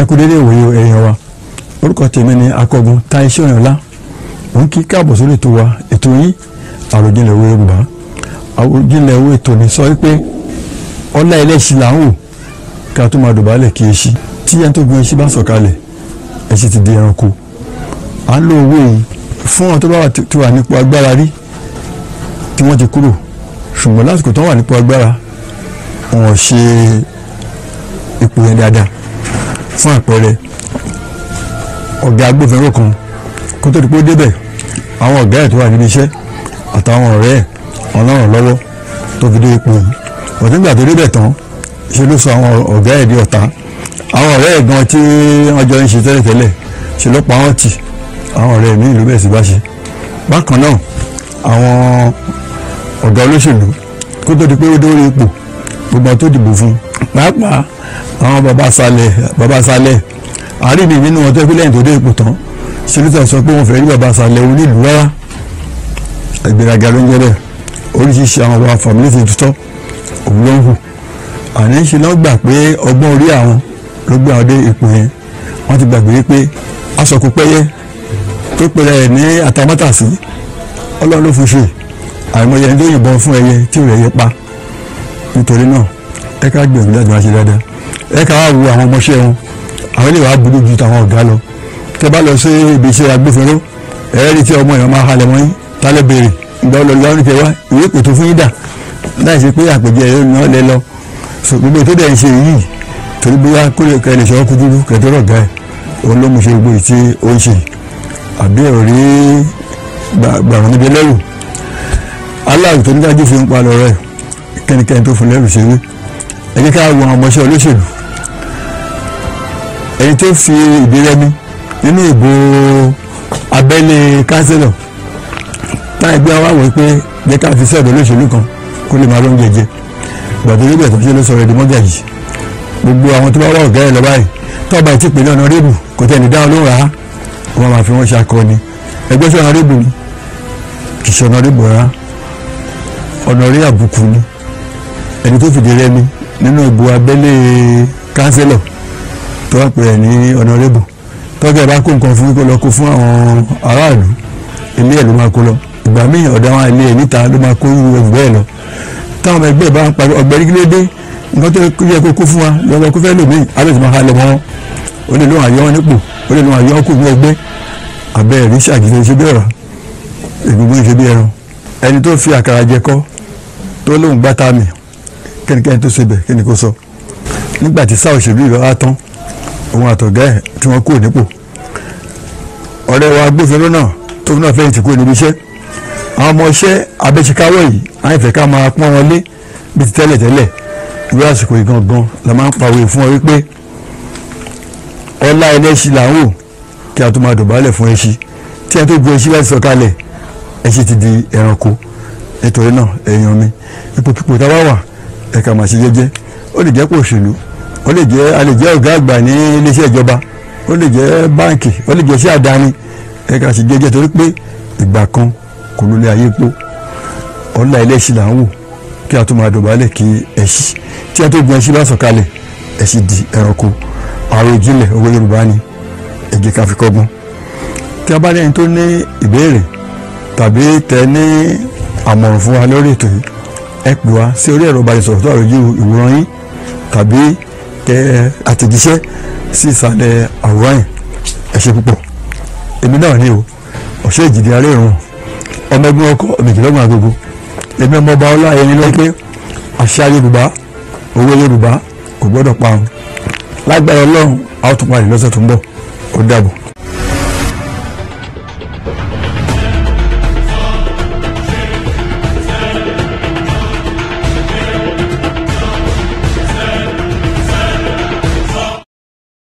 ẹ kú dédé ìwòye èèyàn wa orúkọ tèmi ni akọgun Táíṣò Òyìnlá òun kí káàbọ̀ sórí ètò wa ètò yín àròjinlẹ̀ òwe Yorùbá àròjinlẹ̀ òwe ètò ni sọ wípé ọlá ẹlẹ́ṣin là ń wò ká tó máa dọ̀bálẹ̀ kí eṣin tí ẹni tó gun eṣin bá sọ̀kalẹ̀ eṣin ti di ẹranko à ń lo owó yìí fún àwọn tó bá ti wà nípò agbára rí tí wọ́n ti kúrò ṣùgbọ́n lásìkò tó wà nípò agbára wọn ò ṣe ipò yẹn dáadáa fún àpẹẹrẹ ọ̀gá agbófinró kan kó tó di pé ó débẹ̀ àwọn ọ̀gá ẹ̀ tó wà níbi iṣẹ́ àtàwọn ọ̀rẹ́ ẹ̀ ọlọ́run lọ́wọ́ tó fi dé ipò yìí òtún nígbà tó débẹ̀ tán ṣe ló sọ àwọn ọ̀gá ẹ̀ di ọ̀tá àwọn ọ̀rẹ́ ẹ̀ gan tí wọ́n jọ ń ṣe tẹ́lẹ̀tẹ́lẹ̀ ṣe ló pa wọ́n tì àwọn ọ̀rẹ́ mi ìlú bẹ̀rẹ̀ sí bá ṣe bákan náà àwọn ọ̀gá olóṣèlú kó tó di pé ó dé orí ipò gbogbo àwọn tó dìbò fún un pàápàá àwọn baba salẹ baba salẹ àárín mi nínú ọjọ́ pé lẹ́yìn tó dé ipò tán sọ́lítà sọ pé wọ́n fẹ́ rí baba salẹ onílùú rárá ìgbéraga ló ń jẹ́ bẹ́ẹ̀ oríṣiríṣi àwọn baba fàmílì ti tutọ́ òun ló ń hù àní ṣe náà gbà pé ọgbọ́n orí àwọn ló gbé àwọn dé ipò yẹn wọ́n ti gbàgbé wípé aṣọ kò pẹ́yẹ tó pẹ̀lẹ́ ẹ̀ ní àtàmátàsí ọlọ́run ló fi ṣe àìmọye ẹni tó yìnbọn fún ẹyẹ tí ò rẹ̀ yẹ pa nítorí náà ẹ ká gbìyànjú láti máa ṣe dáadáa ẹ ká wo àwọn ọmọọṣẹ́ wọn àwọn ilé wa burú ju tàwọn ọ̀gá lọ tẹ bá lọ sí ibi iṣẹ́ agbófinró ẹ rí tí ọmọ èèyàn máa halẹ̀ mọ́ yín tálẹ̀ béèrè ìgbà ọlọ́lọ́ ní tẹ wá ìwé kò tó fún yín dà láì ṣe pé àpèjẹ yóò ná lẹ lọ sọ gbogbo tó dẹ̀ ń ṣe yìí torí bóyá kórè kẹlẹ̀ ṣọ́ kúdúrú kẹtọ́rọ̀ ga ẹ̀ òun ló mú ṣe gbogbo ìtí ó ń ṣe àbí òrí gbàgbọ́n níbi lẹ́rù aláàrù tó ní dájú fi ń pa lọ rẹ̀ kẹ́nikẹ́ni tó fún lẹ́rù ṣeré ẹ ká wọ ọmọọṣẹ́ olóṣèlú ẹni tó fi ìdírẹ́mi nínú ìbò abẹ́lé kánsílọ̀ táyà gbé wa wọ̀ pé jẹ́ ká fi sẹ́ẹ̀dọ̀ olóṣèlú kan kó lè máa lóúnjẹ jẹ gbàtọ́ yóò bẹ̀rẹ̀ tó ṣe ló sọ̀rọ̀ ẹ̀dùn mọ́gà yìí gbogbo àwọn tó bá wà ọ̀gá ẹ̀ lọ báyìí tọ́ọ̀bà ìtì pẹ̀lú ọ̀nà rébù kò tẹ̀lé dáhùn ló rà á wọ́n máa fi wọ́n ṣe akọni ẹgbẹ́ sọ ọ̀nà rébù ni kì í ṣe ọ̀nà ọ̀nà rí àbùkù ni ẹni tó fìdí rẹ́mi nínú ìbò abẹ́lé kánsílọ̀ tó wà pè é ní ọ̀nàrẹ́bù tọ́jà bá kó nǹkan fún kó lọ kó fún àwọn aráàlú ilé ẹ̀ ló máa kó lọ ìgbà míì ọ̀dọ̀ àwọn ilé ẹ̀ níta ló máa kó irú ẹ̀rù bẹ́ẹ̀ lọ táwọn ọmọ ẹgbẹ́ bá ń parí ọ̀gbẹ́rí kílé dé nǹkan tó yẹ kó kó fún wa lọ́wọ́ kó fẹ́ lòmíì alẹ́ tó máa ha lọ mọ́ ó lè lóun àyọ́ nípò ó lè lóun àyọ́ kó ní ọgbẹ́ abẹ́ ẹ̀rí ṣàgìdẹ́ ṣe bí ọ̀rá ègbùgbùn ṣe bí ẹran ẹni tó fi àkàrà jẹ kọ́ tó lóun gbá tá mi kẹ́nikẹ́ni tó ṣe bẹ̀ kí ni kò sọ nígbà tí sáà òṣèlú ìlú wa tán òun àtọ̀gá ẹ̀ tí wọ́n kúrò nípò ọ̀rẹ́ wa agbófinró náà tó fi náà fẹ́yìn tì kúrò níbi iṣẹ́ àwọn ọmọ iṣẹ́ abẹ́síkáwọ̀ yìí àwọn ìfẹ́ ká máa pọ́n wọn lé bí ti tẹ́lẹ̀ tẹ́lẹ̀ ìwé àsìkò yìí gangan la máa ń pàwé fún ọ wípé ọlá ẹlẹ́ṣin là ń wò kí a tó máa dọ̀bálẹ̀ fún ẹṣin tí a tó bu ẹṣin láti sọ̀kalẹ̀ ẹṣin ti di ẹranko nítorí náà ẹ̀yàn mi ipò kíkò tá wà ẹ̀ka màá ṣe jẹ́jẹ́ ó lè jẹ́ kó òṣèlú ó lè jẹ́ a lè jẹ́ ọ̀gá àgbà ní iléeṣẹ́ ìjọba ó lè jẹ́ báǹkì ó lè jẹ́ iṣẹ́ àdáni ẹ̀ka ṣe jẹ́jẹ́ torí pé ìgbà kan kò lólé ayé pọ̀ ọ̀la ẹlẹ́ṣin là ń wò kí a tó máa dọ̀bálẹ̀ kí ẹṣin tí a tó gun ẹṣin bá sọ̀kalẹ̀ ẹṣin di ẹranko àròjinlẹ̀ owó Yorùbá ni ẹ jẹ́ kọ́gbọ́n tí a bá ní tó ní ìbéèrè tàbí tẹ ní àmọ̀ràn fún wa lórí ètò yìí ẹ pè wá sí orí ẹ̀rọ ìbánisọ̀rọ̀ tó wà lójú ìwòran yín tàbí tẹ àtẹ̀jíṣẹ́ sí ìsàlẹ̀ àwòrán yẹn ẹ ṣe púpọ̀ èmi náà ni o ọ̀ṣẹ́ ìjìdí arẹ́ ìrùn ọmọ ẹgbẹ́ ọkọ ọmọdélọ́gbọ̀n agogo èmi ọmọ ọba ọlá ẹni ló pé àṣà Yorùbá owó Yorùbá kò gbọ́dọ̀ parun lágbára Ọlọ́run a ó tún parí lọ́sẹ̀ tó ń bọ̀ ó dàbọ̀.